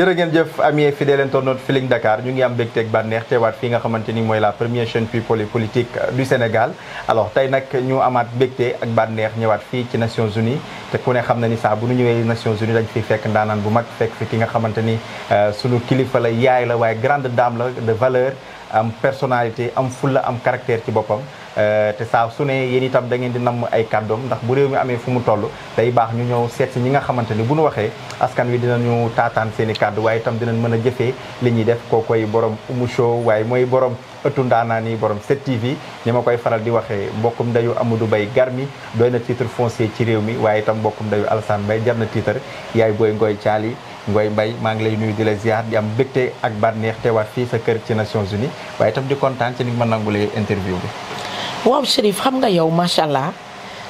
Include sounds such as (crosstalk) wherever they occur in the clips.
jërë ngeen jëf ami fidèle internaute Feeling Dakar ñu ngi am mbégteeg bànneex teewaat fi nga xamante ni mooy la première chaîne people et politique euh, du Sénégal alors tey nag ñu amaat mbégte ak bànneex ñëwaat fii ci Nations Unies te ku ne xam na ni sax bu nu ñëwee Nations Unies dañ fiy fekk ndaanaan bu mag fekk fi ki nga xamante ni euh, sunu kilifa la yaay la waaye grande dame la de valeur am personnalité am fulla am caractère ci boppam euh, te saa su ne yéen itam da ngeen di namm ay kàddoom ndax bu réew mi amee fu mu toll day baax ñu ñëw seet si ñi nga xamante ni bu ñu waxee askan wi dinañu taataan seen i kàddu waaye itam dinañ mën a jëfee li ñuy def koo koy borom Oumou waaye mooy borom ëttu ndaanaan borom 7TV ni ma koy faral di waxee mbokkum ndayu Amadou Bay Garmi doy na titre foncier ci réew mi waaye itam mbokkum dayu Alassane Mbaye jar na titre yaay booy ngooy caali Ngoy mbay maa ngi lay nuyu di la ziar di am mbégte ak bànneex teewaat fii sa kër ci Nations Unies waaye tam di kontaan ci ni ma nangulee interview bi. waaw Chérif xam nga yow macha allah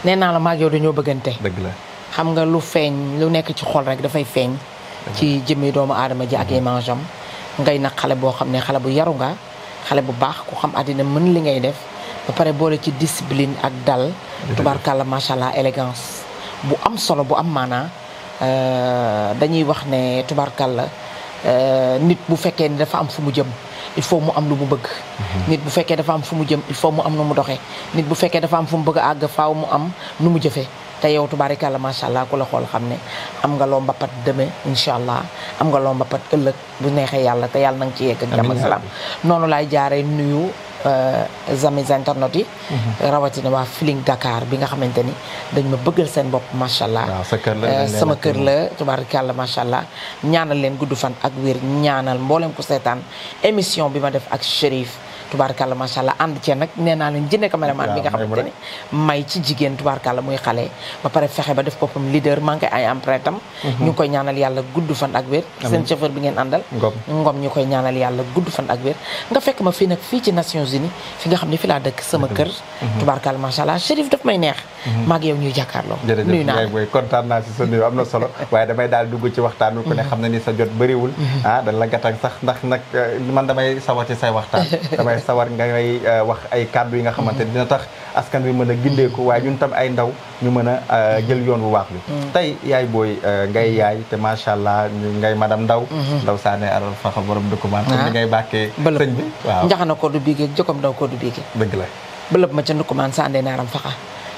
nee naa la maag yow dañoo bëggante. dëgg la xam nga lu feeñ lu nekk ci xool rek dafay feeñ. ci jëmmi doomu aadama ji ak mm-hmm. image am ngay nag xale boo xam ne xale bu yaru nga xale bu baax ku xam àddina mën li ngay def ba pare boole ci discipline ak dal. tubaarkàlla macha allah élégance bu am solo bu am maanaa Euh, dañuy wax ne tubarkal tubarkalla euh, nit bu fekkee ni dafa am fu mu jëm il faut mu am lu mu bëgg. Mhm. nit bu fekkee dafa am fu mu jëm il faut mu am nu mu doxee nit bu fekkee dafa am fu mu bëgg àgg faaw mu am nu mu jëfee. te yow tubaarikàlla macha allah ku la xool xam ne am nga loo mbappat demee incha allah am nga loo mbappat ëllëg bu neexee yàlla te yàlla na nga ci yegg ak salaam noonu laay jaaree nuyu. amis internautes yi. rawatina waa filing dakaar bi nga xamante ni dañ ma bëggal seen bopp macha allah. sama kër la euh, tubaarikàlla macha allah. ñaanal leen gudd fan ak wér ñaanal mboolem ku seetaan émission bi ma def ak Chérif. tubaarkàlla macha allah ànd cee nag nee naa leen jëndee caméraman bi nga xamante ni may ci jigéen tubaarkàlla muy xale ba pare fexe ba def boppam leader manqué ay empreinte am mhm. ñu ngi koy ñaanal yàlla gudd fan ak wér seen chauffeur bi ngeen àndal ngom ñu koy ñaanal yàlla gudd fan ak wér nga fekk ma fii nag fii ci Nations Unies fi nga xam ne fi laa dëkk sama kër mhm. tubaarkàlla macha allah Chérif daf may neex maag mhm. yow ñuy jàkkaarloo nuyu naa jërëjëf kontaan naa si sa nuyu am na solo waaye damay daal dugg ci waxtaan bi ku mhm. xam na ni sa jot bëriwul mhm. ah dañ la gàttal sax ndax nag eh, man damay sawar ci say waxtaan (laughs) damay sawar nga ngay eh, wax ay kàddu yi nga xamante dina tax askan wi mën a gindeeku waaye ñun tam ay ndaw ñu mën a eh, jël yoon wu waax bi tey yaay booy ngay yaay te macha allah ngay madame ndaw ndaw saane aral faxa borom document comme ni ah. ngay bàkkee sëñ bi waaw njaxana ko du biige jokom ndaw ko du biige dëgg la bëlëb ma ca ndukumaan sande naaram faxa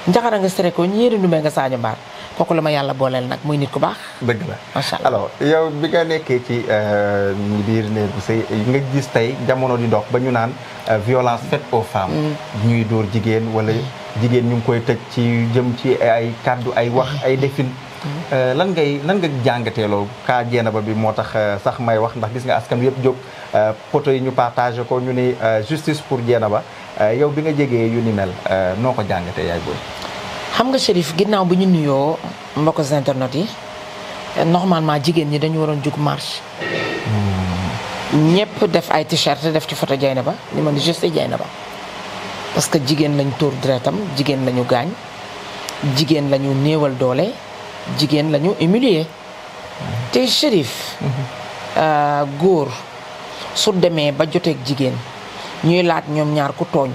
njaxara nga sere ko ñeeri numee nga saañu mbaar kooku la ma yàlla booleel nag muy nit ko baax. dëgg la macha allah yow bi nga nekkee ci euh, biir ne bu sëy nga gis tey jamono di dox ba ñu naan euh, violence faite aux femmes. Mm. ñuy dóor jigéen wala jigéen ñu ngi koy tëj ci jëm ci ay kàddu ay wax mm. ay defin. Euh, lan ngay lan nga jàngatee ka kaa jeena ba bi moo tax euh, sax may wax ndax gis nga askan yëpp jóg euh, poto yi ñu partagé ko ñu ni justice pour jeena ba yow bi nga jegee yu ni noo ko jàngatee yaay booy. xam nga Chérif ginnaaw bi ñu nuyoo mbokk internet yi normalement jigéen ñi dañu waroon jug marché hmm. ñëpp def ay t-shirt def ci photo ba ni ma ni juste ba parce que jigéen lañ tóor deretam jigéen lañu gaañ jigéen lañu néewal doole jigéen la ñu humilier te shérif mhm. euh, góor su demee ba joteeg jigéen ñuy laaj ñoom ñaar ku tooñ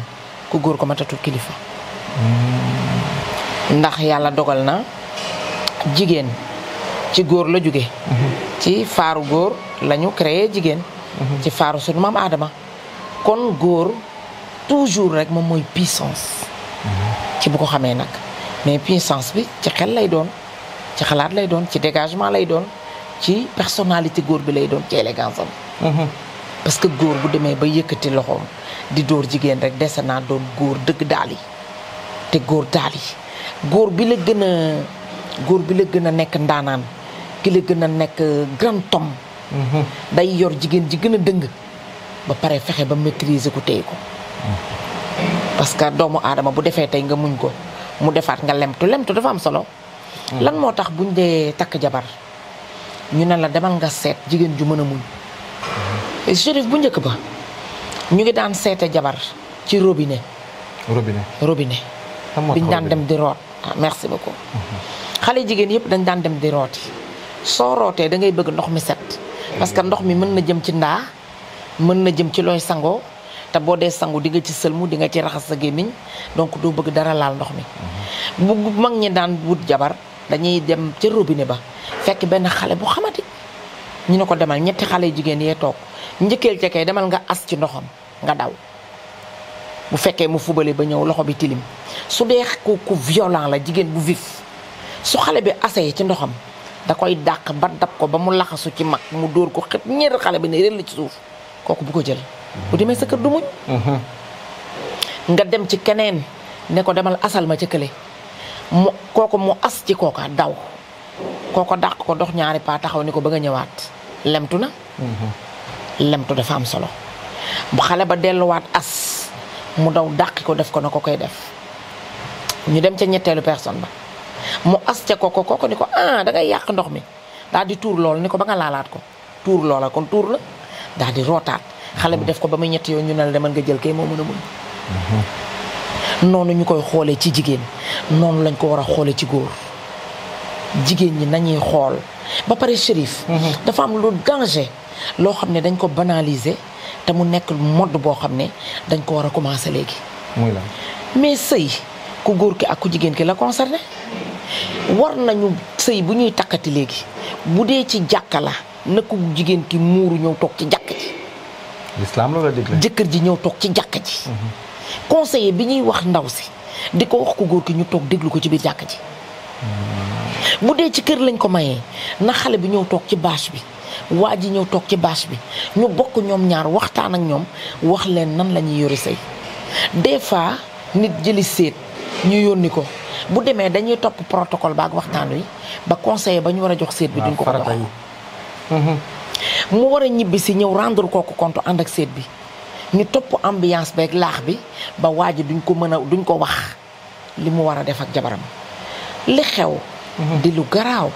ku góor ko matatul kilifa mhm. ndax yàlla dogal na jigéen ci góor la jóge mhm. ci faaru góor la ñu créé jigéen ci faaru sunu maam Aadama kon góor toujours rek moom mooy puissance ci bu ko xamee nag mais puissance bi ci xel lay doon ci xalaat lay doon ci dégagement lay doon ci personnalité góor bi lay doon ci élégance am mm-hmm. parce que góor bu demee ba yëkkati loxoom di dóor jigéen rek dese naa doon góor dëgg daal te góor daal yi bi la gën a góor bi la gën a nekk ndaanaan ki la gën a nekk grand tom mm-hmm. day yor jigéen ji gën a dëng ba pare fexe ba maîtriser ko téye ko mm-hmm. parce que doomu aadama bu defee tey nga muñ ko mu defaat nga lemtu lemtu dafa am solo lan moo tax buñ dee takk jabar ñu ne la demal nga seet jigéen ju mën a muñ Chérif mhm. bu njëkk ba ñu ngi daan seete jabar ci robinet robinet robinet biñ daan dem di root ah merci beaucoup mhm. xale jigéen yëpp dañ daan dem di rooti soo rootee da ngay bëgg ndox mi set parce que ndox mi mën na jëm ci ndaa mën na jëm ci looy sangoo te boo dee sangu di nga ci sëlmu di nga ci raxas sa gémmiñ donc doo bëgg dara laal ndox mi mhm. bu mag ñi daan wut jabar dañuy dem ca robine ba fekk benn xale bu xamati ñu ne ko demal ñetti xale jigéen yee toog njëkkeel ca kay demal nga as ci ndoxam nga daw bu fekkee mu fubale ba ñëw loxo bi tilim su dee ku ku violent la jigéen bu vif su xale bi asee ci ndoxam da koy dàq ba dab ko ba mu laxasu ci mag mu dóor ko xet ñeer xale bi ne réel la ci suuf kooku bu ko jël bu demee sa kër du muñ uh-huh. nga dem ci keneen ne ko demal asal ma ca kële mu kooku mu as ci kooka daw kooko daq ko dox ñaari paa taxaw ni ko bëgg a ñëwaat lemtu na uh-huh. lemtu dafa am solo bu xale ba delluwaat as mu daw daq ko def ko na ko koy def ñu dem ca ñetteelu personne ba mu as ca kooko kooko ni ko ah da yàq ndox mi daal di tuur lool ni ko ba nga laalaat ko tuur loola kon tuur la daal di rootaat xale bi def ko ba muy ñetti yoon ñu ne la demal nga jël kay moo mën a muñ noonu ñu koy xoolee ci jigéen noonu lañ ko war a xoolee ci góor jigéen ñi nañuy xool ba pare shérif. Mhm. dafa am lu danger loo xam ne dañ ko banaliser te mu nekk modd boo xam ne dañ ko war a commencer léegi. muy la mais sëy ku góor ki ak ku jigéen ki la concerné war nañu sëy bu ñuy takkati léegi bu dee ci jàkka la na ku jigéen ki muuru ñëw toog ci jàkk ji. l'islam la digle jëkkër ji ñëw toog ci jàkka ji. conseiller bi ñuy wax ndaw si di ko wax ko góor gi ñu toog déglu ko ci biir jàkk ji. bu dee ci kër lañ ko mayee na xale bi ñëw toog ci bâche bi waa ji ñëw toog ci bâche bi ñu bokk ñoom ñaar waxtaan ak ñoom wax leen nan lañuy yore sëy des fois nit jëli seet ñu yónni ko bu demee dañuy topp protocole ba ak waxtaan wi ba conseiller ba ñu war a jox seet bi duñ ko ko jox mu war a ñibbi si ñëw rendre kooku compte ànd ak seet bi ñu topp ambiance beeg laax bi ba waa ji duñ ko mën a duñ ko wax li mu war a def ak jabaram li xew. Mhm. di lu garaaw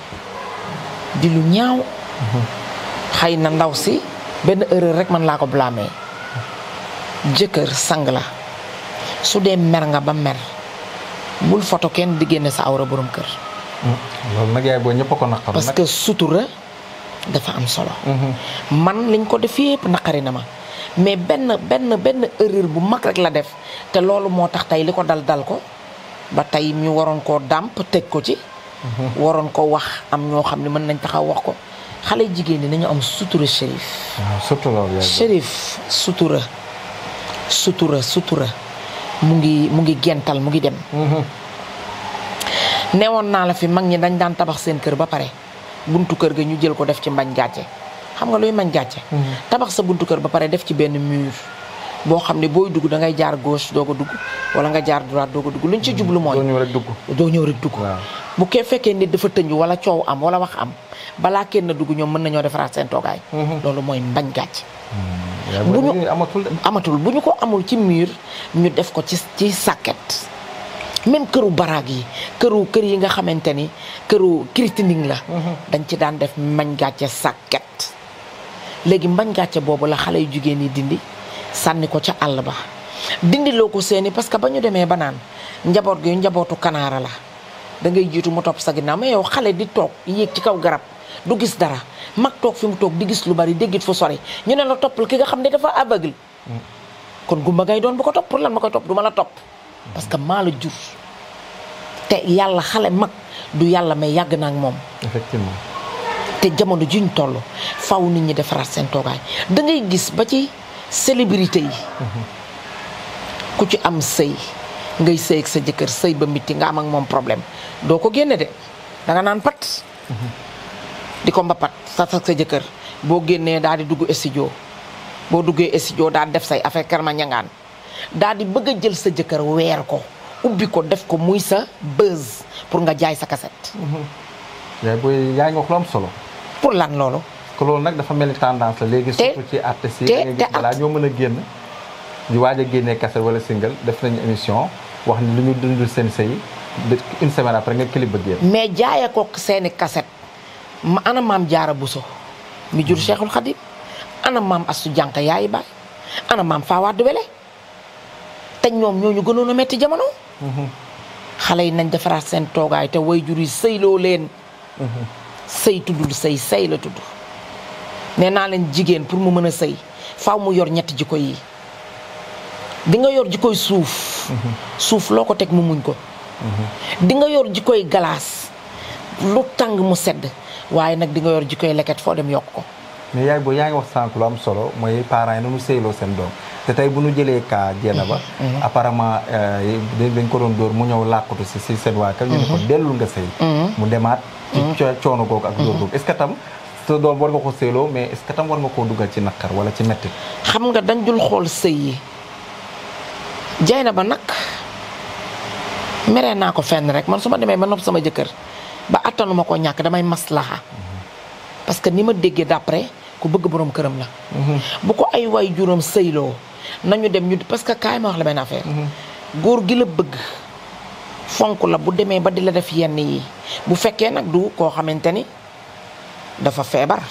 di lu ñaaw. Mhm. xëy na ndaw si benn erreur rek man laa ko blâmer jëkkër sang la su dee mer nga ba mer bul foto kenn di génne sa awra borom kër. Mm, loolu sutura. dafa am solo. Mhm. man liñ ko def yépp naqari na ma. mais benn benn benn erreur bu mag rek la def te loolu moo tax tey li ko dal dal ko ba tey ñu waroon koo dàmp tëj ko ci. Mhm. waroon ko wax am ñoo xam ne mën nañ taxaw wax ko xale jigéen ñi nañu am sutura shérif. waaw ah, shérif sutura sutura sutura mu ngi mu ngi gental mu ngi dem. Mhm. neewoon naa la fi mag ñi dañ daan tabax seen kër ba pare. buntu kër ga ñu jël ko def ci mbañ gàcce xam nga luy mbañ gàcce mhm. tabax sa buntu kër ba pare def ci benn mur boo xam ne booy dugg dangay jaar gauche doog a dugg wala nga jaar droite doog dugg luñ ci mhm. jublu mooy doo ñëw rek dugg doo ñëw rek dugg bu kee fekkee nit dafa tëñu wala coow am wala wax am balaa kenn dugg ñoom mën nañoo defaraat seen toogaay mhm. loolu mooy mbañ gàcce bu ñu amatul bu ñu ko amul ci mur ñu def ko ci ci sàkket même këru baraag yi këru kër yi nga xamante ni këru kiritining la mhm. dañ ci daan def mañ gàcce sàkket léegi mañ gàcce boobu la xale yu jigéen yi dindi sànni ko ca àll ba dindi loo ko seeni parce que ba ñu demee ba naan njaboot gi njabootu kanaara la da ngay jiitu mu topp sa ginnaaw mais yow xale di toog yéeg ci kaw garab du gis dara mag toog fi mu toog di gis lu bari déggit fu sori ñu ne la toppal ki nga xam ne dafa aveugle mm. kon gumba ngay doon bu ko topp pour ma koy topp du ma la topp parce que maa la jur. te yàlla xale mag du yàlla may yàgg naa ak moom. te jamono juñ toll faw nit ñi defaraat seen toogaay da ngay gis ba ci célébrité yi. Mhm. ku ci am sëy ngay sëy sa jëkkër sëy ba mitti nga am ak moom problème doo ko génne de danga naan pat. Mhm. di ko mba pat sa sa jëkkër boo génnee daal di dugg studio boo duggee studio daal def say affaire kër ma ñangaan daal di bëgg a jël sa jëkkër weer ko ubbi ko def ko muy sa buzz pour nga jaay sa kaset. Mhm. yaay booy yaa ngi wax lu am solo. pour lan loolu. ko loolu nag dafa mel ni tendance la léegi. surtout ci artistes yi da ngay balaa ñoo mën a génn. di waaj a génnee kaset wala single def nañu émission wax lu ñu dundul seen sëy une semaine après nga clip ba génn. mais jaayee ko seeni kaset ma ana maam jaara Buso mi jur mhm. Cheikhul Khadim ana maam Astu Jànka yaayi baay ana maam Fawade Wele. te ñoom ñoo ñu gënoon a metti jamono. Mm-hmm. xale yi nañ defaraat seen toogaay te wayjur yi sëyloo leen. Mm-hmm. sëy tuddul sëy sëy la tudd. nee naa leen jigéen pour mu mën a sëy faw mu yor ñetti jikko yi di nga yor jikkoy suuf. Mm-hmm. suuf loo ko teg mu muñ ko. di nga yor jikkoy galaas lu tàng mu sedd waaye nag di nga yor jikkoy leket foo dem yokk ko. mais yaay boo yaa wax sànq lu am solo mooy parent yi nu mu sëyloo seen doom. te tey bu nu jëlee cas jéena ba mm-hmm. mm-hmm. apparemment euh, dañ ko doon dóor mu ñëw làqatu si si waa kër ñu ne ko mm-hmm. dellul nga sëy mu demaat ci coono googu ak dóor googu est-ce tam te doom war nga ko sëyloo mais est-ce war nga koo dugal ci naqar wala ci metti xam nga dañ dul xool sëy yi jay na ba nag meree naa ko fenn rek man su ma demee ba nopp sama jëkkër ba attanuma ko ñàkk damay maslaxa parce que ni ma déggee d'après ku bëgg boroom këram la bu ko ay waay juróom nañu dem ñu parce que kaay ma wax la benn affaire. góor gi la bëgg. fonk la bu demee ba di la def yenn yi bu fekkee nag du koo xamante ni dafa feebar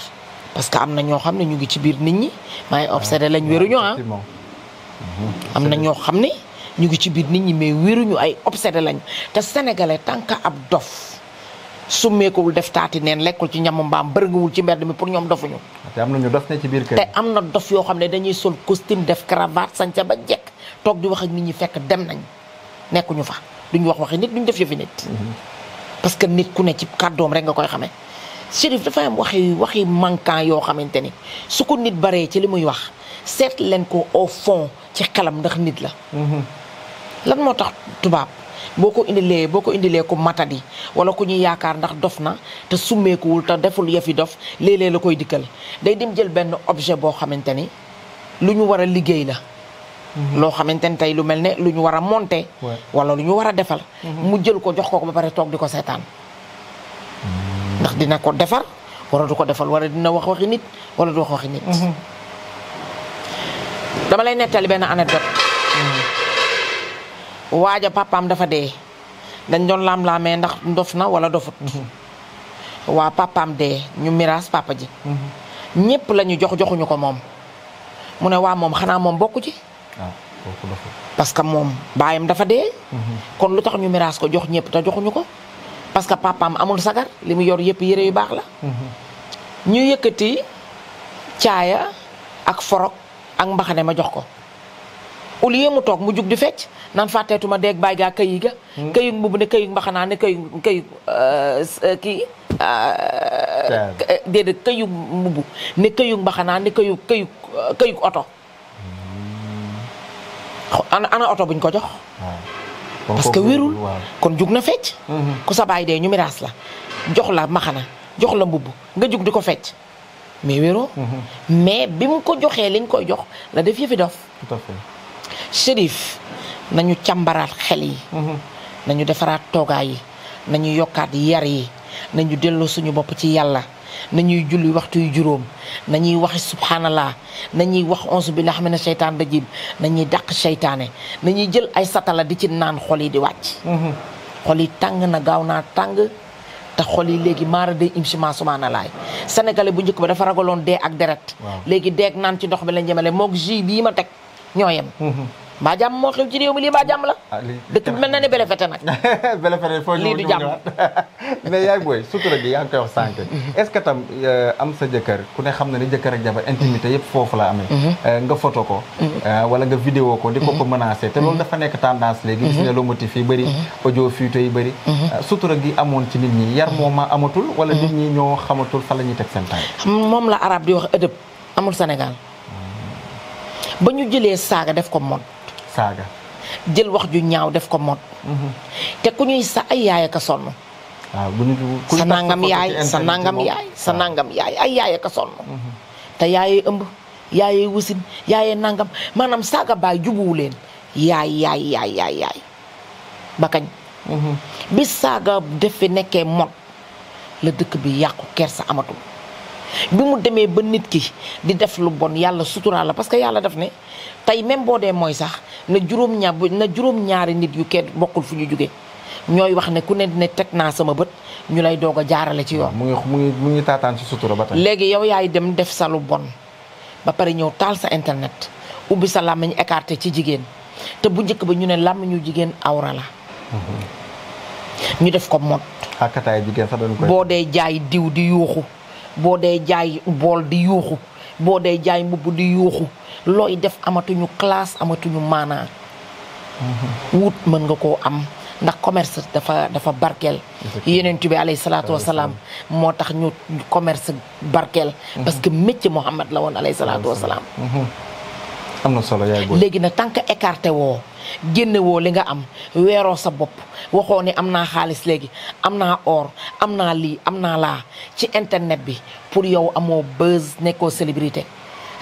parce que am na ñoo xam ne ñu ngi ci biir nit ñi waaye obsédé lañ wéruñu ah mm-hmm. am na ñoo xam ne ñu ngi ci biir nit ñi mais wéruñu ay obsédé lañ te sénégalais tant que ab dof summeekuwul def taati neen lekkul ci ñamu mbaam bërënguwul ci mbedd mi pour ñoom dofuñu te am na ñu dof ne ci biir kër te am na dof yoo xam ne dañuy sol costume def cravate sañca ba jekk toog di wax ak nit ñi fekk dem nañ nekkuñu fa duñu wax waxi nit duñu def yoo fi nit mhm. parce que nit ku ne ci kàddoom rek nga koy xamee Chérif dafa am waxi waxi manquant yoo xamante ni su ko nit baree ci li muy wax seet leen ko au fond ci xelam ndax nit la mhm. lan moo tax tubaab boo ko indilee boo ko indilee ku matadi wala ku ñuy yaakaar ndax dof na te summeekuwul te deful yëfi dof léeg-léeg la koy dikkal day dem jël benn objet boo xamante ni lu ñu war a liggéey la. Mhm. loo xamante ni tey lu mel ne lu ñu war a monter. wala lu ñu war a defal. Mhm. mu jël ko jox ko ko ba pare toog di ko seetaan. Mhm. ndax dina ko defar wala du ko defal wala dina wax waxi nit wala du wax waxi nit. dama lay nettali benn anecdote waaja papaam dafa dee dañ doon lam laamee ndax dof na wala dofut (laughs) waa papaam dee ñu miraas papa mm-hmm. ñépp la ñu jox joxuñu ko moom mu ne waa moom xanaa moom bokku ci ah, parce que moom baayam dafa dee mm-hmm. kon lu tax ñu miraas ko jox ñépp te joxuñu ko parce que papaam amul sagar li mu yor yëpp yëre yu baax la mm-hmm. ñu yëkkati caaya ak forog ak mbaxane ma jox ko au lieu mu toog mu jug di fecc naan fàtteetuma deeg bàyyi gaa këyi ga këyug hmm. mbubb ne këyug mbaxanaa ne këyug këyug euh, kii euh, déedéet këyug mbubb ne këyug mbaxanaa ne këyug këyug këyug oto hmm. ana ana oto buñ ko jox ah. parce que wérul kon jug na fecc hmm. ku sa baay dee ñu miraas la jox la mbaxana jox la mbubb nga jug di ko fecc mais wéroo mais bi mu ko joxee liñ koy jox la def yëfi dof Chérif nañu càmbaraat xel yi mhm. nañu defaraat toogaay yi nañu yokkaat yar yi nañu delloo suñu bopp ci yàlla nañuy julli waxtu yu juróom nañuy waxi subhanallah nañuy wax ons bi nga xam ne seytaan dajib nañuy dàq seytaane nañuy jël ay satala di ci naan xol yi di wàcc mhm. xol tàng na gaaw naa tàng te xol yi léegi maara day im siment sumaana laay bu njëkk ba dafa ragaloon dee ak deret léegi deeg naan ci ndox mi lañ jëmale moog jus bii ma teg ñoo yem. Mhm. mbaa jàmm moo xew ci réew mi lii mbaa jàmm la. Ah, dëkk mel na ne belefete nag. (laughs) belefete foo lii du jàmm (laughs) mais yaay yaa ngi koy wax sànq. Mhm. est-ce que euh, am sa jëkkër ku ne xam na ne jëkkër ak jabar yëpp foofu la amee. Mhm. Euh, nga photo ko. Euh, wala nga vidéo ko di ko ko menacé te loolu dafa nekk tendance léegi. gis nga lomotif yi bëri. audio fuite yi bëri. sutura gi amoon ci nit ñi yar moom amatul. wala nit ñi ñoo xamatul fa la ñuy teg seen moom la arab di wax ëdëb amul Sénégal. ba ñu jëlee saaga def ko mode. jël wax ju ñaaw def ko mode. Mhm. te ku ñuy sa ay yaay ak a sonn. Ah, sa nangam yaay sa nangam yaay sa ah. nangam yaay ay yaay sonn. Mhm. te yaayee ëmb yaayee wusin yaayee nangam maanaam saaga baay jubuwu leen yaay yaay yaay yaay ba kañ. Mhm. bi saaga def fi nekkee mode la dëkk bi yàqu ker sa amatul. bi mu demee ba nit ki di def lu bon yàlla suturaal la parce que yàlla def ne tey même boo dee mooy sax na juróom na juróom ñaari nit yu kenn bokkul fu ñu jógee ñooy wax ne ku ne ne teg naa sama bët ñu lay doog a jaarale ci yoon. mu ngi taataan ci sutura ba tey. léegi yow yaay dem def sa lu bon ba pare ñëw taal sa internet ubbi sa làmmiñ écarté ci jigéen te bu njëkk ba ñu ne làmmiñu jigéen awra mhm. ñu def ko mot. akataay jigéen sax boo dee jaay diw di yuuxu. boo dee jaay bool di yuuxu boo dee jaay mbubb di yuuxu looy def amatuñu classe amatuñu maanaa mm-hmm. wut mën nga koo am ndax commerce dafa dafa barkeel yenent bi alayhi salaatu wasalaam moo tax ñu commerce barkeel parce que mm-hmm. métier Muhammad la woon alayhi salaatu wasalaam am na solo yaay booy léegi nag tant que écarté woo génnewoo li nga am weeroo sa bopp waxoo ne am naa xaalis léegi am naa or am naa lii am naa laa ci internet bi pour yow amoo buzz nekkoo célébrité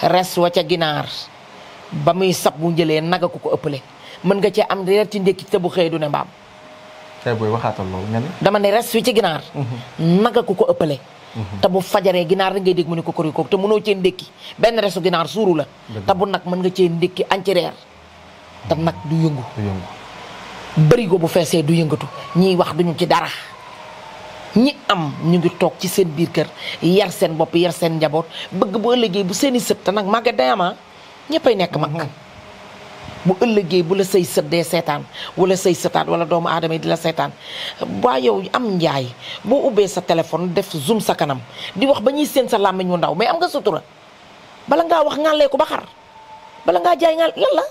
res wa ca ginaar ba muy sab bu njëlee naga ku ko ëppale mën nga cee am reer ci ndékki te bu xëy du ne mbaam. yaay booy waxaatal loolu nga ne. dama ne res wi ci ginaar. Mhm. naga ko ko ëppale. te bu fajaree ginaar rek ngay dégg mu ne ko korikook te mënoo ceen dékki benn resu ginaar suuru la te bu nag mën nga cee ndékki añci reer te nag du yëngu bërigo bu feesee du yëngatu ñiy wax duñu ci dara ñi am ñu ngi toog ci seen biir kër yar seen bopp yar seen njaboot bëgg bu ëllëgee bu seeni sët te nag màgget day ama ah. ñëppay nekk mag mm-hmm. bu ëllëgee bu la say sët dee seetaan wala say sëtaat wala doomu aadama yi di la seetaan waa yow am njaay boo ubbee sa téléphone def zoom sa kanam di wax ba ñuy seen sa làmmiñ wu ndaw mais am nga sutura bala ngaa wax ngàllee ko ba xar bala ngaa jaay ngal lan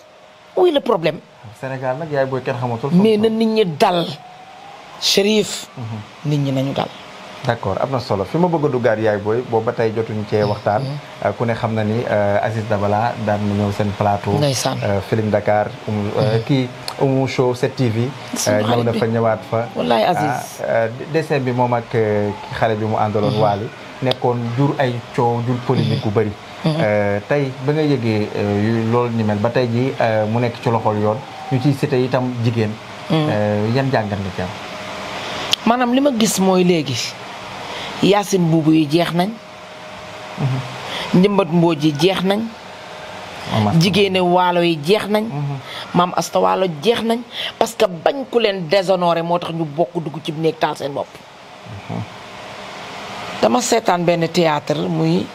wuy le problème. Sénégal nag yaay booy na nit ñi dal Chérif. Mhm. nit ñi nañu dal. d'accord am na solo fi ma bëgg a duggaat yaay booy boobu ba tey jotuñu cee mhm. waxtaan euh, ku ne xam na ni da euh, Dabala daan na ñëw seen plateau euh, Feeling Dakar um mhm. kii umu show 7TV ñëw na fa ñëwaat fa wallaay Aziz ah, bi moom ak xale bi mu àndaloon mhm. waali nekkoon jur ay coow jur polémique gu bëri tey ba nga yëgee loolu ni mel ba tey ji mu nekk ci loxol yoon ñu ciy cité itam jigéen yan jàngat nga ci am li ma gis mooy léegi yaasin buubu yi jeex nañ mm-hmm. njëmbat mbooj yi jeex nañ jigéene waalo yi jeex nañ mm-hmm. maam asta waalo jeex nañ parce que bañ ku leen desonoore moo tax ñu bokk dugg ci néeg taal seen bopp mm-hmm. dama seetaan benn théâtre muy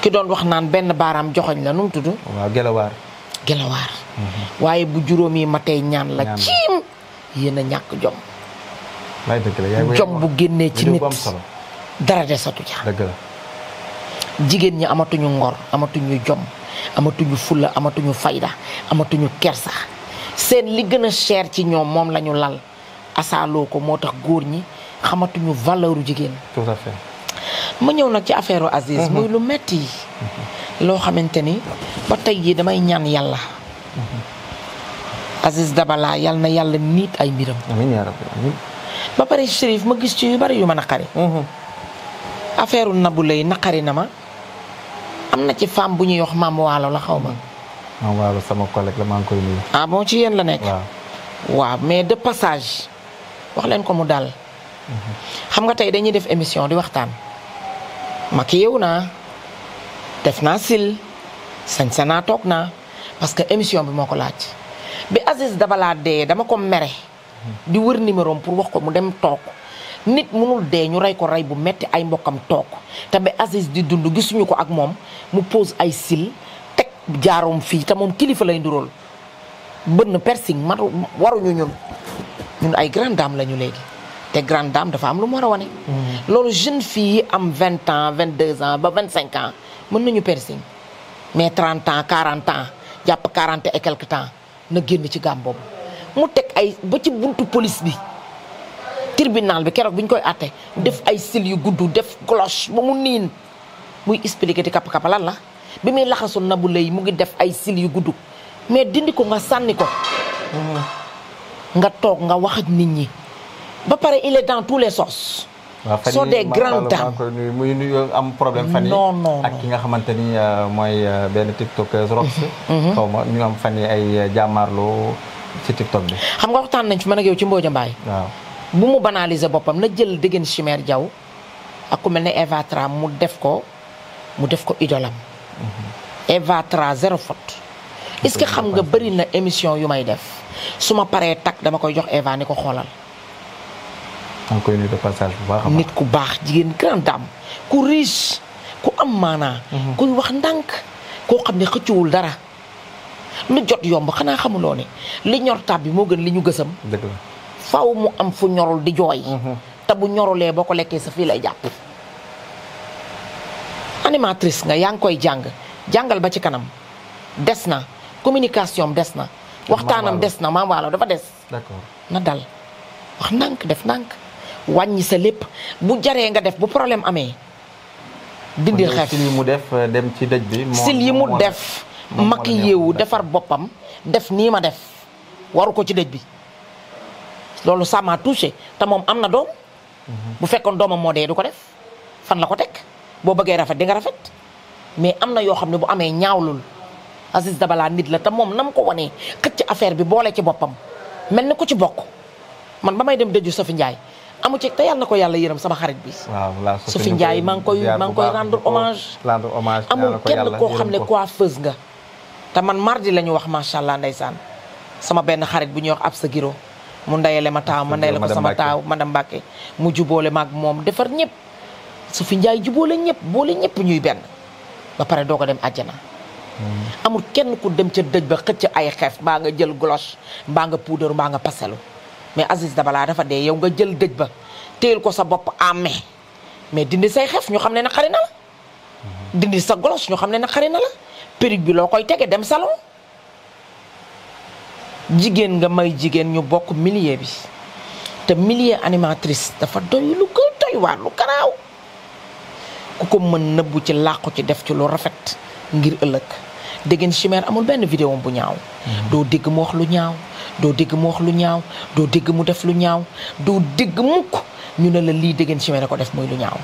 ki doon wax naan benn baaraam joxoñ la nu mu tudd waaw gelawaar gelawaar waaye bu juróom yi ma tey ñaan la ciim yéen ñàkk jom jom bu génnee ci nit dara desatu ca. dëgg jigéen ñi amatuñu ngor amatuñu jom amatuñu fulla amatuñu fayda amatuñu kersa seen li gën a cher ci ñoom moom la ñu lal asaaloo ko moo tax góor ñi xamatuñu valeur jigéen. tout ma ñëw nag ci affaire Aziz. Mhm. muy lu metti yi. Mhm. loo xamante ni ba tey jii damay ñaan yàlla. Mhm. Aziz Dabala yal na yàlla niit ay mbiram. amiin ba pare Chérif ma gis ci yu bari yu mën a affaire Nabou Leye naqari na ma am na ci femme bu ñuy wax maam waalo la xaw ma. maam waalo sama collègue la maa koy nuyu. ah bon ci yéen la nekk. waaw waaw mais de passage wax leen ko mu dal. xam nga tey dañuy def émission di waxtaan. makiyewu naa def naa sil sañsa naa toog na parce que émission bi moo ko laaj bi Aziz Dabala dee dama ko mere. di wër numéro pour wax ko mu dem toog. nit mënul dee ñu rey ko rey bu metti ay mbokkam toog te ba Aziz di dund gisuñu ko ak moom mu pose ay sil teg jaaroom fii te moom kilifa lay ndurool bënn piercing man waruñu ñun ñun ay grande dame lañu léegi te grand dame dafa am lu mu war a wane. Mm-hmm. loolu jeune fii am vingt ans vingt deux ans ba vingt cinq ans mën nañu piercing mais trente ans quarante ans jàpp quarante et quelque temps na génn ci gaam boobu mu teg ay ba ci buntu police bi. tribunal bi keroog bi ñu koy àtte def ay sil yu gudd def cloche ba mu niin muy expliqué di kapp kapp lan la bi muy laxasu nabu lay mu ngi def ay sil yu guddu mais dindi ko nga sànni ko mm-hmm. nga toog nga wax ak nit ñi ba pare il est dans tous les sens. waaw fan yii maa koy nuyu muy nuyu am problème fan yii. ak ki nga xamante ni euh, mooy euh, benn tiktok rox. Mm-hmm. Mm-hmm. xaw ma am fan yii ay jàmmaarloo ci tiktok bi. xam nga waxtaan nañ fi ma ak yow ci Mbodja Mbaye. waaw bu mu banaliser boppam na jël déggeen chimère jaw ak ku mel ne Eva Tra mu def ko mu def ko idolam mhm. Eva Tra zéro faute est-ce que xam nga bëri na émission yu may def su ma paree takk dama koy jox Eva ni ko xoolal koy nuyu de passage bu baax nit ku baax jigéen grande dame ku riche ku am maanaa mhm. kuy wax ndànk koo xam ne xëccuwul dara lu jot yomb xanaa xamuloo ne li ñor bi moo gën li ñu gësam faw mu am fu ñorul di jooy mhm. te bu ñorulee boo ko lekkee sa fii lay jàpp animatrice nga yaa ngi koy jàng jàngal ba ci kanam des na communication des na waxtaanam des na maam waalo dafa des d'accord na dal wax ndànk def ndànk wàññi sa lépp bu jaree nga def bu problème amee dindi xeef sil yi mu def euh, dem ci mu def makk yéewu defar boppam def nii ma def waru ko ci dëj bi loolu ça m'a touché te moom am na doom. Mhm. bu fekkoon doomam moo dee du ko def fan la ko teg boo bëggee rafet di nga rafet mais am na yoo xam ne bu amee ñaawlul Aziz Dabala nit la te moom nam ko wanee ci affaire bi boole ci boppam mel ni ku ci bokk man ba may dem dëju Sofi Ndiaye amu ci te yàlla na ko yàlla yërëm sama xarit bi. waaw Sofi Ndiaye maa ngi koy maa ngi koy rendre hommage. rendre hommage amul kenn koo xam ne ko coiffeuse nga. te man mardi la ñu wax macha allah ndeysaan sama benn xarit bu ñuy wax Absa Giro mu ndayale ma taaw ma ndayale ko sama taaw madame Mbacke mu juboole maak moom defar ñëpp su fi njaay juboole ñëpp boole ñëpp ñuy benn ba pare doo ko dem na hmm. amul kenn ku dem ca dëj ba xëcc ay xef mbaa nga jël gloche mbaa nga puudar mbaa nga paselu mais Aziz Dabala dafa dee yow nga jël dëj ba téyel ko sa bopp ame mais dindi say xef ñu xam ne na xari na la hmm. dindi sa gloche ñu xam ne na xari na la périg bi loo koy tege dem salon jigéen nga may jigéen ñu bokk milieu bi te milieu animatrice dafa doy lu ko doy waar lu garaaw ku ko mën nëbbu ci làqu ci def ci lu rafet ngir ëllëg dégg ngeen amul benn vidéo bu ñaaw. Mm-hmm. doo dégg mu wax lu ñaaw doo dégg mu wax lu ñaaw doo dégg mu def lu ñaaw doo dégg mukk ñu ne la lii dégg ngeen Chimère ko def muy lu ñaaw.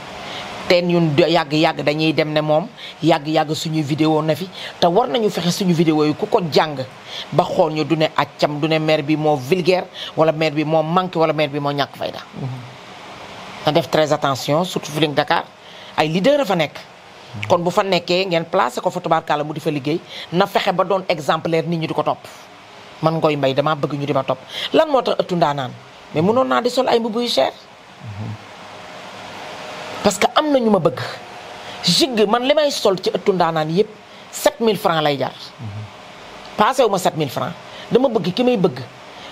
teen ñun yàgg-yàgg dañuy dem ne moom yàgg-yàgg suñu vidéo na fi te war nañu fexe suñu vidéo yi ku ko jàng ba xool ñu du ne accam du ne maire bi moo vulgaire wala maire bi moo manqué wala maire bi moo ñàkk fayda na def tres attention surtout Feeling Dakar ay leader a fa nekk kon bu fa nekkee ngeen placé ko fa la mu di fa liggéey na fexe ba doon exemplaire nit ñu di ko topp man Ngoy mbay damaa bëgg ñu di ma topp lan moo tax ëttu ndaanaan parce que am na ñu ma bëgg jigg man li may sol ci ëttu ndaanaan yëpp mille francs lay jar passé wu ma 7000 francs dama bëgg ki may bëgg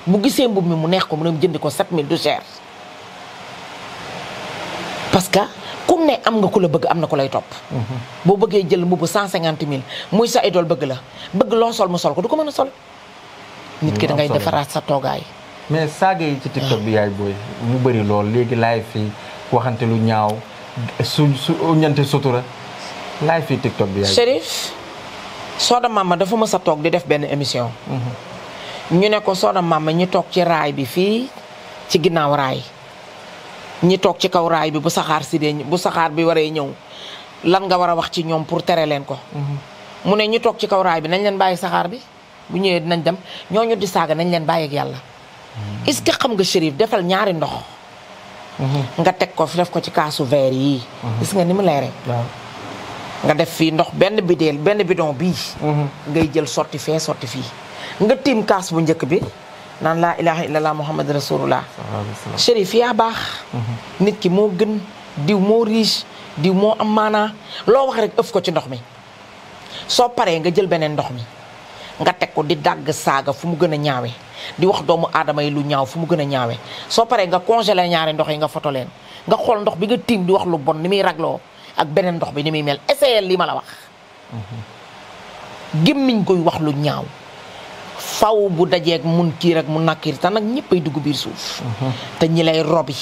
mu gisee mbubb mi mu neex ko mu dem jëndi ko 7000 du parce que ku ne am nga ku la bëgg am na ku lay topp boo bëggee jël mbubu 150000 muy sa idole bëgg la bëgg loo sol mu sol ko du ko mën a sol nit ki da ngay defaraat sa toogaay mais saaga yi ci TikTok bi yaay booy mu bëri lool léegi live fi waxante lu ñaaw su su ñante sutura laay fii TikTok bi yaay. Chérif Soda Mama dafa mës a toog di def benn émission. Mhm. ñu ne ko Soda Mama ñi toog ci raay bi fii ci ginnaaw raay ñi toog ci kaw raay bi bu saxaar si dee bu saxaar bi waree ñëw lan nga war a wax ci ñoom pour tere leen ko. Mhm. mu ne ñi toog ci kaw raay bi nañ leen bàyyi saxaar bi bu ñëwee dinañ dem ñoo ñu di saaga nañ leen bàyyi ak yàlla. Mhm. est-ce que xam nga Chérif defal ñaari ndox. Uh-huh. nga teg ko fi def ko ci kaasu verre yii. Uh-huh. gis nga ni mu leeree. nga def fii ndox benn bideel benn bidon bii. Uh-huh. ngay jël sotti fee sotti fii. nga tiim kaas bu njëkk bi naan laa ilaha illallah muhammad rasulullah. chérif yaa baax. nit ki moo gën diw moo riche diw moo am maanaa loo wax rek ëf ko ci ndox mi soo paree nga jël beneen ndox mi. nga teg ko di dàgg saaga fu mu gën a ñaawe di wax doomu aadama yi lu ñaaw fu mu gën a ñaawe soo paree nga congelé ñaari ndox yi nga foto leen nga xool ndox bi nga tiim di wax lu bon ni muy ragloo ak beneen ndox bi ni muy mel essayé lii ma la wax gémmiñ koy wax lu ñaaw faw bu dajeek mun kiir ak mu nakkiir te nag ñëppay dugg biir suuf mhm. te ñi lay robi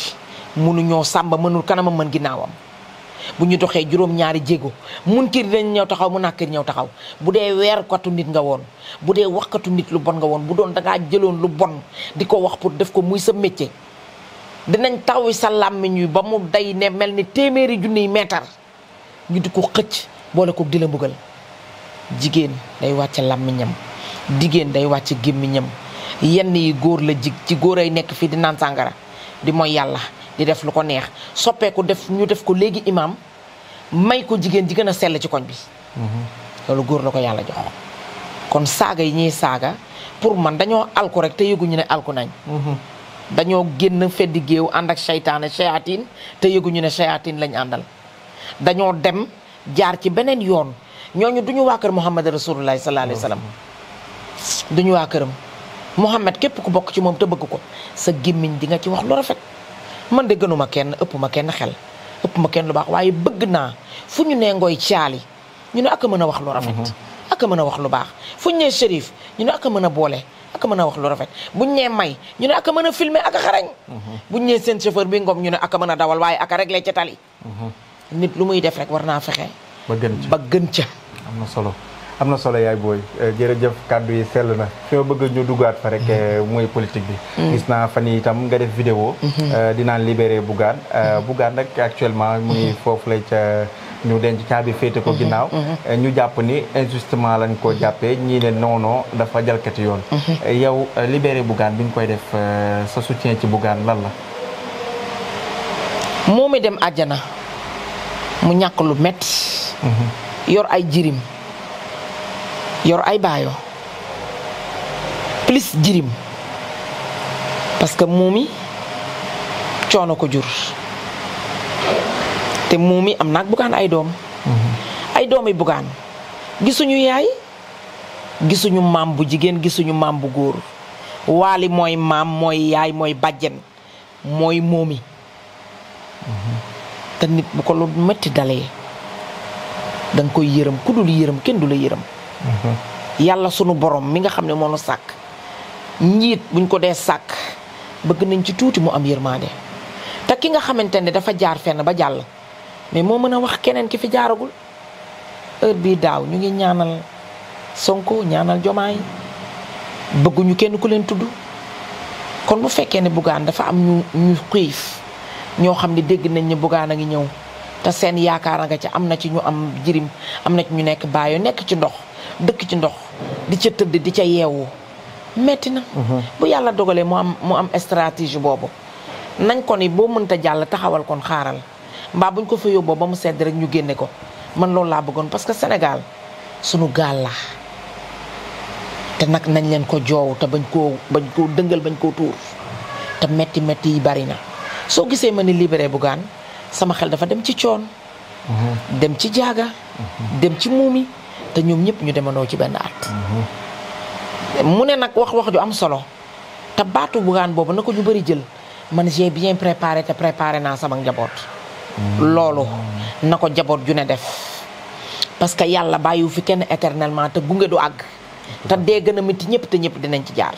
mënuñoo sàmba mënul kanamam mën ginnaawam bu ñu doxee juróom-ñaari jéego munkir dañ ñëw taxaw mu nàkkir ñëw taxaw bu dee weerkatu nit nga woon bu dee waxkatu nit lu bon nga woon bu doon da ngaa jëloon lu bon di ko wax pour def ko muy sa métier dinañ taxawi sa làmmiñ wi ba mu day ne mel ni téeméeri junniy meetar ñu di ko xëcc boole ko di la mbugal jigéen day wàcce làmmiñam jigéen day wàcce gémmiñam yenn yi góor la jig ci góor ay nekk fii di naan sàngara di mooy yàlla di def lu ko neex soppeeku def ñu def ko léegi imaam may ko jigéen di gën a sell ci koñ bi. loolu góor la ko yàlla jox. kon saaga yi ñuy saaga pour man dañoo alku rek te yëguñu ne alku nañ. dañoo génn feddi géew ànd ak seytaane seyaatin te yëguñu ne seyaatin lañ àndal. dañoo dem jaar ci beneen yoon ñooñu du duñu waa kër Muhammad rasulullahi sallallahu alayhi wasallam duñu waa këram. Muhammad képp ku bokk ci moom te bëgg ko sa gémmiñ di nga ci wax lu rafet. man de gënuma kenn ëpp ma kenn xel ëpp ma kenn lu baax waaye bëgg naa fu ñu nee ngoy caali ñu ne ak mën a wax lu rafet mhm. aka mën a wax lu baax fu ñu nee Chérif ñu ne ak mën a boole ak mën a wax lu rafet buñ ñee may ñu ne ak mën a filme ak a xarañ mhm. buñ ñee seen chauffeur bi ngom ñu ne ak mën a dawal waaye ak a réglé ca tali mhm. nit lu muy def rek war naa fexe ba gën ca solo am na solo yaay booy eh, jërëjëf kàddu yi sell na fi ma bëgg ñu duggaat fa rek eh, mhm. mooy politique bi. Mhm. gis naa fan yi itam nga def vidéo. Mhm. Eh, dinaan libéré Bougane. Bougane nag actuellement mu foofu lay ca ñu denc caabi féete ko ginnaaw. ñu jàpp ni injustement lañ ko jàppee ñii ne non dafa jalkati yoon. yow libéré Bougane bi ñu koy def sa soutien ci Bougane lan la. moo mi dem àjjana mu ñàkk lu metti yor ay jirim. yor ay baayo plus jirim parce que muumi coono ko jur te muumi am naag bugaan ay doom mhm. ay doomi bugaan gisuñu yaay gisuñu maam bu jigéen gisuñu maam bu góor waali mooy maam mooy yaay mooy bàjjen mooy muumi mhm. te nit bu ko lu metti dalee danga koy yërëm ku dul yërëm kenn du la yërëm yàlla sunu borom mi nga xam ne moo nu sàkk njiit buñ ko dee sàkk bëgg nañ ci tuuti mu am yërmaande te ki nga xamante ne dafa jaar fenn ba jàll mais moo mën a wax keneen ki fi jaaragul heure bii daaw ñu ngi ñaanal Sonko ñaanal Jomaay bëgguñu kenn ku leen tudd kon bu fekkee ne buggaan dafa am ñu ñu xiif ñoo xam ne dégg nañ ne Bougane a ngi ñëw te seen yaakaar nga ci am na ci ñu am jirim am na ci ñu nekk baayo nekk ci ndox dëkk ci ndox di ca tëdd di ca yeewu metti na mhm. bu yàlla dogalee mu am mu am stratégie boobu nañ ko ni boo mënta jàll taxawal kon xaaral mbaa buñ ko fa yóbboo ba mu sedd rek ñu génne ko man loolu laa bëggoon parce que Sénégal sunu gaal la te nag nañ leen ko joowute bañ koo bañ koo dëngal bañ koo tuur te metti metti yi bari na soo gisee ma ni libéré Bougane sama xel dafa dem ci coon mhm. dem ci jaaga mhm. dem ci muumi te ñoom ñëpp ñu demandoo ci benn at. mu ne nag wax wax ju am solo te baatu bugaan boobu na ko ñu bëri jël man j'ai bien préparé te préparé naa sama njaboot. loolu na ko njaboot ju ne def parce que yàlla bàyyiwu fi kenn éternellement te gunge du àgg. te dee gën a ñëpp te ñëpp dinañ ci jaar.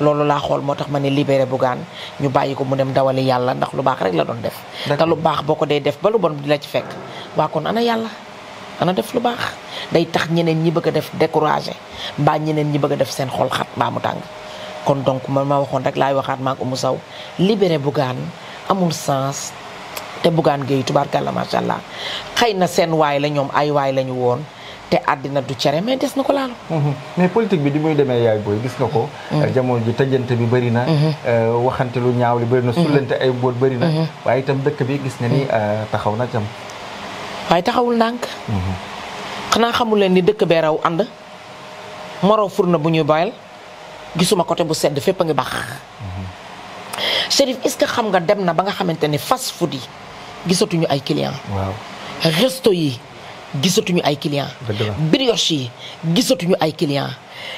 loolu laa xool moo tax ma ne libéré Bougane ñu bàyyi ko mu dem dawali yàlla ndax lu baax rek la doon def. te lu baax boo ko dee def ba lu bon di la ci fekk waa kon ana def lu baax day tax ñeneen ñi bëgg a def découragé mbaa ñeneen ñi bëgg a def seen xol xat mbaa mu tàng kon donc man ma waxoon rek laay waxaat maak Oumou Sow libéré Bougane amul sens te Bougane Gueye tubaarkàlla macha allah xëy na seen waay la ñoom ay waay la ñu woon te àddina du cere mais des na ko laalu mmh. mais politique bi di muy demee yaay booy gis nga ko mmh. euh, jamono ji tëjante bi bëri na mmh. euh, waxante lu ñaaw li bëri na sullante ay mbóot bëri na waaye itam dëkk bi gis na ni euh, taxaw na tam waaye taxawul ndànk. xanaa xamul leen ni dëkk bee raw ànd. fur na bu ñuy bayal gisuma côté bu sedd fépp a ngi bax. Chérif est-ce que xam nga dem na ba nga xamante ni fas food yi gisatuñu ay clients. waaw resto yi gisatuñu ay clients. brioche yi gisatuñu ay clients.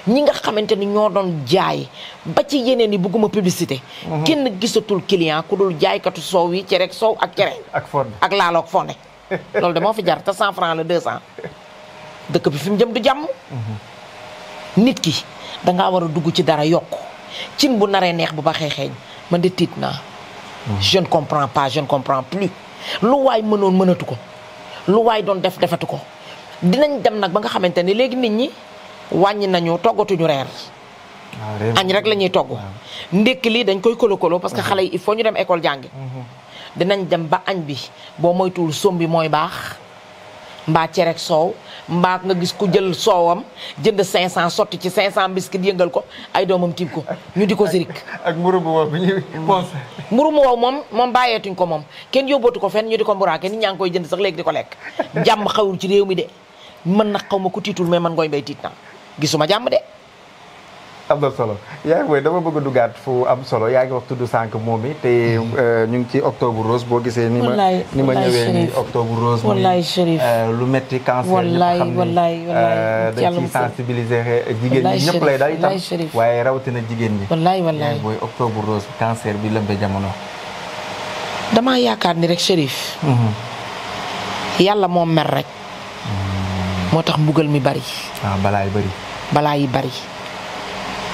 ñi nga xamante ni ñoo doon jaay ba ci yeneen yi bëgguma publicité. Mhm. kenn gisatul client ku dul jaaykatu soow yi cere ak soow ak cere. ak fonde ak laalo ak fonde loolu de moo fi jar te cent franc la deux dëkk bi fi jëm du jam nit ki da ngaa war a dugg ci dara yokk cin bu naree neex bu ba xeexeeñ man de tiit naa. Mm. je ne comprends pas je ne plus. lu waay mënoon mënatu ko lu waay doon def defatu ko dinañ dem nag ba nga xamante ne léegi nit ñi wàññi nañu toggatuñu reer. Ah, añ rek la ñuy togg. ndékki lii dañ koy kolo kolo parce que mm-hmm. xale yi il faut ñu dem école jàngi. Mm-hmm. dinañ dem ba añ bi boo moytuwul som bi mooy baax mbaa cerek soow mbaa nga gis ku jël soowam jënd 500 sotti ci 500 biscuit yëngal ko ay doomam tiim ko ñu di ko sirik. ak mburu mu wow bi ñuy poncé. mburu mu wow ko moom kenn yóbbootu ko fenn ñu di ko mburaake nit ñaa ngi koy jënd sax léegi di ko lekk jàmm xawul ci réew mi de mën na xaw ma ku tiitul mais man ngooy bay tiit naa gisuma jàmm de. am na solo yaay booy dama bëgg a dugaat fu am solo yaa ngi wax tudd sànq moom yi te hmm. euh, ñu ngi ci octobre rose boo gisee. ni ma ni ma ñëwee ni octobre rose. wallaay chérif euh, lu metti cancer. wallaay wallaay wallaay euh, dañ ciy sensibiliser jigéen ñi ñëpp lay daal itam waaye rawatina jigéen ñi. wallaay wallaay yaay booy octobre rose cancer bi lëmbee jamono. damaa yaakaar ni rek chérif. Hmm. yàlla moo mer rek. Hmm. moo tax mbugal mi bari. waaw ah, bari.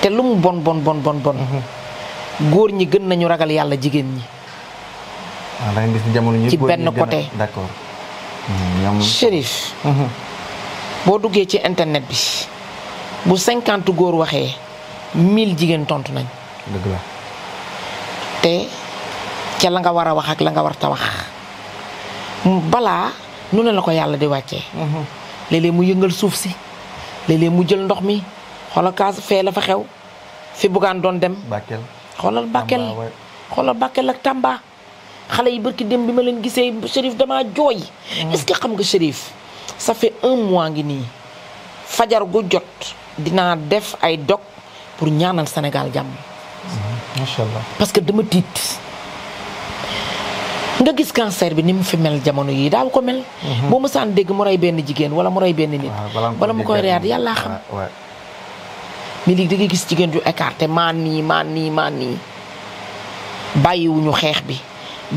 te lu mu bon bon bon bon bon. Mhm. góor ñi gën nañu ragal yàlla jigéen ñi. Ah, da ngay gis jamono ñi ci benn côté d'accord. Mhm, mhm. boo duggee ci internet bi bu cinquante góor waxee mil jigéen tontu nañ. dëgg la. te ca la nga war a wax ak la nga war ta wax balaa nu ne la ko yàlla di wàcce léeg mu yëngal suuf si léeg mu jël ndox mi. xoolal kaas fee la fa xew fi bugaan doon dem. Bakel xoolal Bakel xoolal Bakel ak Tamba. xale yi barki dem bi ma leen gisee Chérif damaa jooy. Mm. est-ce que xam nga Chérif. ça fait un mois ngi nii fajar gu jot dina def ay dog pour ñaanal Sénégal jàmm. Mm-hmm. macha parce que dama tiit. nga gis cancer bi ni mu fi mel jamono yi daaw ko mel. Mm-hmm. boo ma saan dégg mu rey benn jigéen wala mu rey benn nit. wala mu koy reyaat yàllaa xam. mais léegi da ngay gis jigéen ju écarté maan nii maan nii maan bàyyiwuñu xeex bi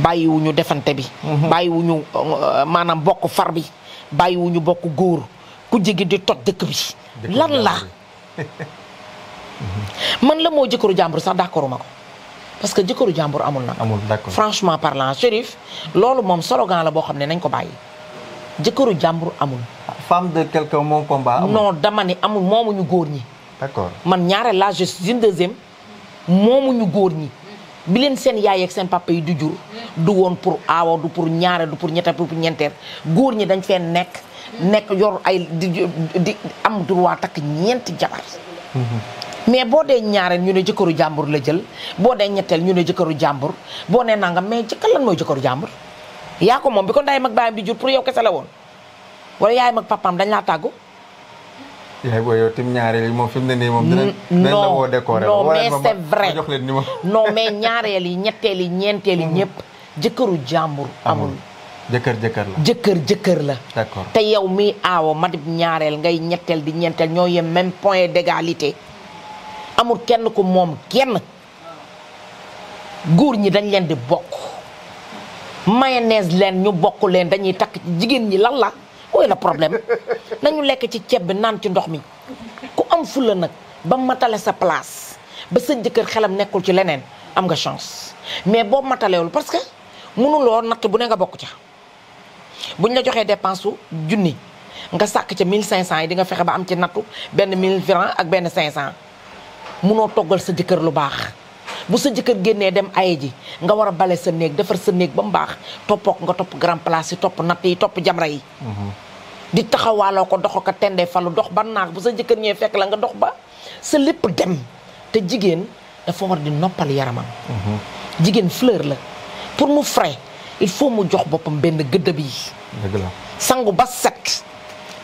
bàyyiwuñu defante bi mhm. bàyyiwuñu euh, maanaam bokk far bi bàyyiwuñu bokk góor ku jege di toj dëkk bi lan la (laughs) man la moo jëkkëru jàmbur sax d'accord ma ko parce que jëkkëru jàmbur amul na franchement parlant Chérif loolu moom slogan la boo xam ne nañ ko bàyyi jëkkëru jàmbur amul femme de quelqu'un amul non dama amul moomuñu góor ñi d'accord man ñaareel la je suis une deuxième moomuñu góor ñi. bi leen seen yaay ak seen papa yi du jur. du woon pour aawa du pour ñaare du pour ñette pour ñeenteel góor ñi dañ fee nekk. nekk yor ay di di am droit takk ñeenti jabar. Mhm. mais boo dee ñaareel ñu ne jëkkëru jàmbur la jël boo dee ñetteel ñu ne jëkkëru jàmbur boo nee nangam mais jëkkër lan mooy jëkkëru jàmbur. yaa ko moom bi ko ndaay mag baayam di jur pour yow kese la woon wala yaay mag papaam dañ laa tàggu. yaay booy yow tim ñaareel yi moom fi mu ne nii moom. dinañ dinañ la woo décoré (laughs) non mais ñaareel yi ñetteel yi ñeenteel yi mm. ñëpp jëkkëru jàmbur amul. jëkkër jëkkër la jëkkër jëkkër la. d'accord te yow mi awo ma dib ñaareel ngay ñetteel di ñeenteel ñoo yem même point d'égalité amul kenn ku moom kenn góor ñi dañ leen di bokk mayonnaise leen ñu bokk leen dañuy takk jigéen ñi lan la. où est le problème nañu lekk ci ceeb bi naan ci ndox mi ku am fulla nag ba matale sa place ba sa jëkkër xelam nekkul ci leneen am nga chance mais boo matalewul parce que mënuloo natt bu ne nga bokk ca buñ la joxee dépense su junni nga sàkk ca 1500 yi di nga fexe ba am ci nattu benn 1000 francs ak benn cinq 500 munoo toggal sa kër lu baax bu sa jëkkër génnee dem aye ji nga war a bale sa néeg defar sa néeg ba mu baax toppook nga topp grand place yi topp natt yi topp jamra yi. Mm-hmm. di taxawaaloo ko doxo ko tendee falu dox ba naag bu sa jëkkër ñee fekk la nga dox ba sa lépp dem te jigéen dafa war di noppal yaramam mhm. jigéen fleur la pour mu frais il faut mu jox boppam benn gëdd yi sangu ba set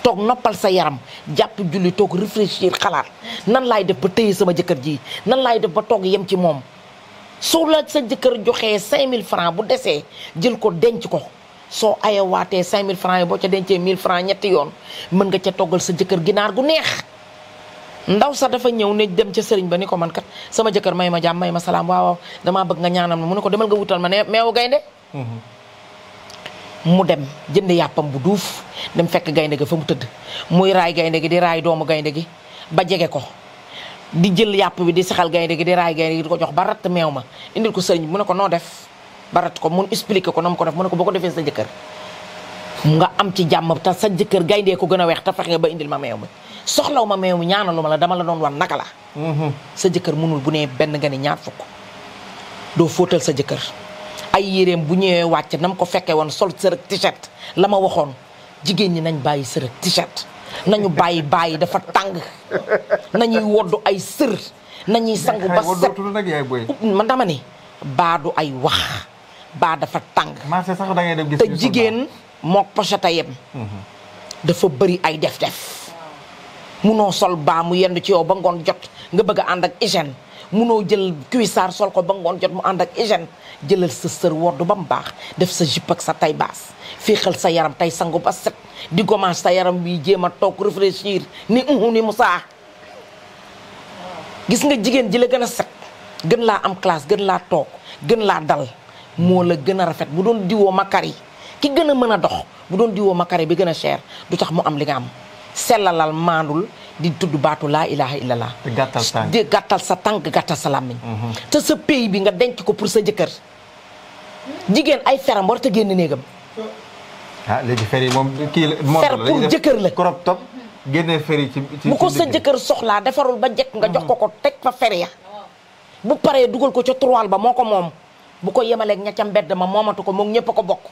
toog noppal sa yaram jàpp julli toog réfléchir xalaat nan laay def ba téye sama jëkkër ji nan laay def ba toog yem ci moom soo la sa jëkkër joxee 5000 francs bu desee jël ko denc ko soo ayawaatee 5000 francs yi boo ca dencee mille francs ñetti yoon mën nga ca toggal sa jëkkër ginaar gu neex ndaw sa dafa ñëw ne dem ca sëriñ ba ni ko man kat sama jëkkër may ma jàmm ma salaam waaw waaw damaa bëgg nga ñaanal ma mu ne ko demal nga wutal ma ne meewu gaynde mhm. mu dem jënd yàppam bu duuf dem fekk gaynde gi fa mu tëdd muy raay gaynde gi di raay doomu gaynde gi ba jege ko di jël yàpp bi di saxal gaynde gi di raay gaynde gi di ko jox ba ratt meew ma indil ko sëriñ mu ne ko noo def barat ko mun expliquer ko na mu ko def mu ko boo ko defee sa jëkkër nga am ci jàmm te sa jëkkër gayndee ko gën a weex te fex nga ba indil ma meew mi soxlaw ma meew mi ñaanalu ma la dama la doon wan naka la mhm. sa jëkkër munul bu nee benn nga ne ñaar fukk doo fóotal sa jëkkër ay yéreem bu ñëwee wàcc nam ko fekkee woon sol sërëg t la ma waxoon jigéen ñi nañ bàyyi sërëg t-shirt nañu bàyyi bàyyi dafa tàng nañuy woddu ay sër nañuy sangu ba set man dama ni baadu ay wax baa dafa tàng. marché sax da ngay dem jigéen mook pochette yem. dafa bëri ay def-def. noo sol baa mu yend ci yow ba ngoon jot nga bëgg a ànd ak hygiène munoo jël cuissard sol ko ba ngoon jot mu ànd ak hygiène jëlal sa sër wordu ba mu baax def sa jupe sa tay baas féexal sa yaram tey sangu ba set di gommage sa yaram bi jéem a toog réfléchir ni uhu ni saa gis nga jigéen ji la gën a set gën laa am classe gën laa toog gën laa dal. moo la gën a rafet bu doon diwoo makari ki gën a mën a dox bu doon diwoo makari bi gën a cher du tax mu am li nga am sellalal maandul di tudd baatu laa ilaha illallah di gàttal sa tànk gàttal sa làmmiñ mm-hmm. te sa pays bi nga denc ko pour sa jëkkër jigéen ay feram génn néegam ah léegi jëkkër la crop top génne fer yi ko sa jëkkër soxlaa defarul ba jekk nga jox ko ko mm-hmm. teg fa fer ya bu paree dugal ko ca turuwaal ba moo ko moom bu ko yemalee nga ca mbedd ma moomatu ko moom ñëpp a ko bokk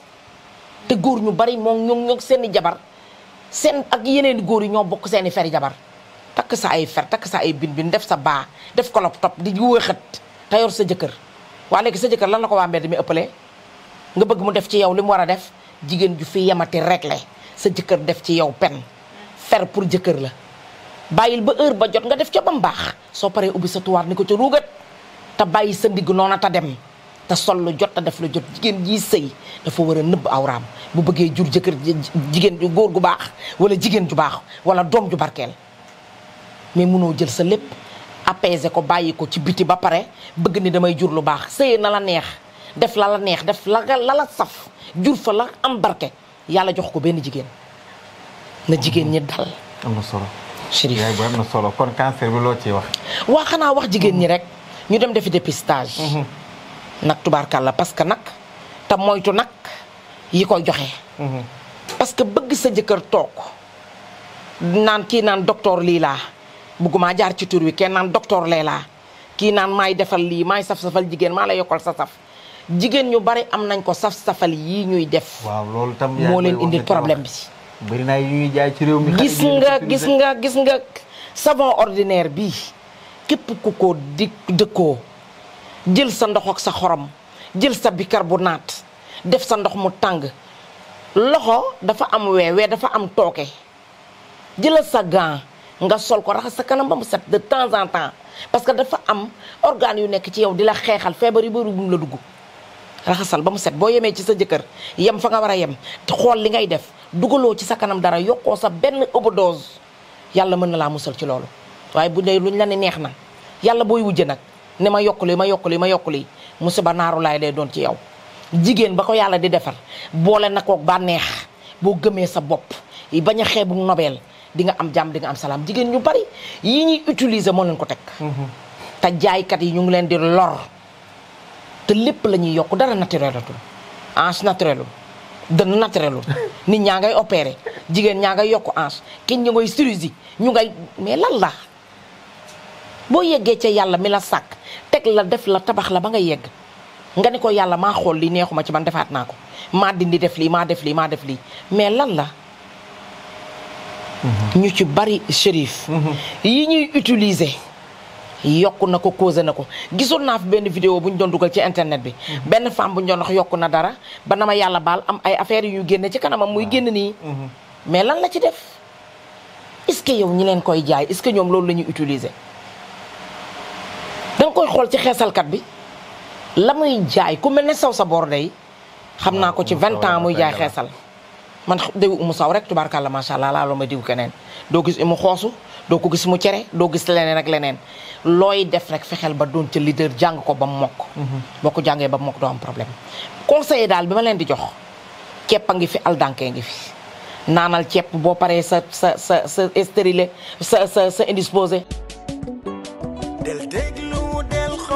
te góor ñu bari moom ñoom ñoo seeni jabar seen ak yeneen góor yi ñoo bokk seeni feri jabar takk sa ay fer takk sa ay bin bin def sa baa def ko lop top di wéexat te yor sa jëkkër waa léegi sa jëkkër lan la ko waa mbedd mi ëppalee nga bëgg mu def ci yow li mu war a def jigéen ju fi yemati réglé sa jëkkër def ci yow pen fer pour jëkkër la bàyyil ba heure ba jot nga def ca ba baax soo paree ubbi sa tuwaar ni ko ca ruugat te bàyyi sa ndigg noona ta dem te sol lu jot te def lu jot jigéen jii sëy dafa war a nëbb awraam bu bëggee jur jëkkër jigéen ju góor gu baax wala jigéen ju baax wala doom ju barkeel mais munoo jël sa lépp apaiser ko bàyyi ko ci biti ba pare bëgg ni damay jur lu baax sëy na la neex def la la neex def la la saf jur fa la am barke yàlla jox ko benn jigéen na jigéen ñi dal am na solo Chérif solo kon cancer bi loo waa xanaa wax jigéen ñi rek ñu dem defi dépistage mm-hmm. nag tubaarkàlla parce que nag tam moytu nag yi koy joxe. Mhm. parce que bëgg sa jëkkër toog naan kii naan docteur lii laa bëgguma jaar ci tur wi kenn naan docteur lee laa kii naan maay defal lii maay saf-safal jigéen maa la yokkal sa saf jigéen ñu bari am nañ ko saf-safal yii ñuy def. waaw loolu tam moo leen indil problème bi. bëri naa ci réew mi. gis nga gis nga gis nga savon ordinaire bi képp ku ko di dëkkoo. jël sa ndox ak sa xorom jël sa bicarbonate def sa ndox mu tàng loxo dafa am wee dafa am tooke jëlal sa gan nga sol ko raxas sa kanam ba mu set de temps en temps parce que dafa am organe yu nekk ci yow di la xeexal feebar yu bari mu la dugg raxasal ba mu set boo yemee ci sa jëkkër yem fa nga war a yem xool li ngay def dugaloo ci sa kanam dara yokkoo sa benn overdose yàlla mën na laa musal ci loolu waaye bu dee luñ la ne neex na yàlla booy wujje nag ne ma yokkuli ma yokkuli ma yokkuli musiba naaru laay lay doon ci yow jigéen ba ko yàlla di defar boole na koog bànneex boo gëmee sa bopp bañ a xeebu nobel di nga am jàmm di nga am salaam jigéen ñu bari yi ñu utiliser moo leen ko teg mhm. te jaaykat yi ñu ngi leen di lor te lépp la ñuy yokk dara naturelatul ange naturelu dënn naturelu (laughs) nit ñaa ngay opéré jigéen ñaa ngay yokk ange kenn ñu ngay chirurgie ñu ngay mais lan la boo yeggee ca yàlla mi la sàkk teg la def la tabax la ba nga yegg nga ni ko yàlla maa xool li neexuma ci man defaat naa ko maa dindi def lii maa def lii maa def lii mais lan la mm-hmm. ñu ci bari shérif mm-hmm. ñuy utiliser yokk na ko causé na ko gisoon naa fi benn vidéo bu ñu doon dugal ci internet bi mm-hmm. benn femme bu ñu doon wax yokk na dara ba na ma yàlla baal ay affaires yu génne ci kanamam muy génn nii mais lan la ci def est-ce que yow ñi leen koy jaay est-ce que ñoom loolu la ñuy utiliser danga koy xool ci xeesalkat bi la muy jaay ku mel ne saw sa boor day xam naa ko ci vingt ans muy jaay xeesal man diw umu saw rek tubaarkàlla macha allah laaloo ma diw keneen doo gis umu xoosu doo ko gis mu cere doo gis leneen ak leneen looy def rek fexeel ba doon ca leader jàng ko ba mokk boo ko jàngee ba mokk doo am problème conseiller daal bi ma leen di jox ceeb a ngi fi aldankee ngi fi naanal ceeb boo paree sa sa sa sa stérile sa sa sa indisposé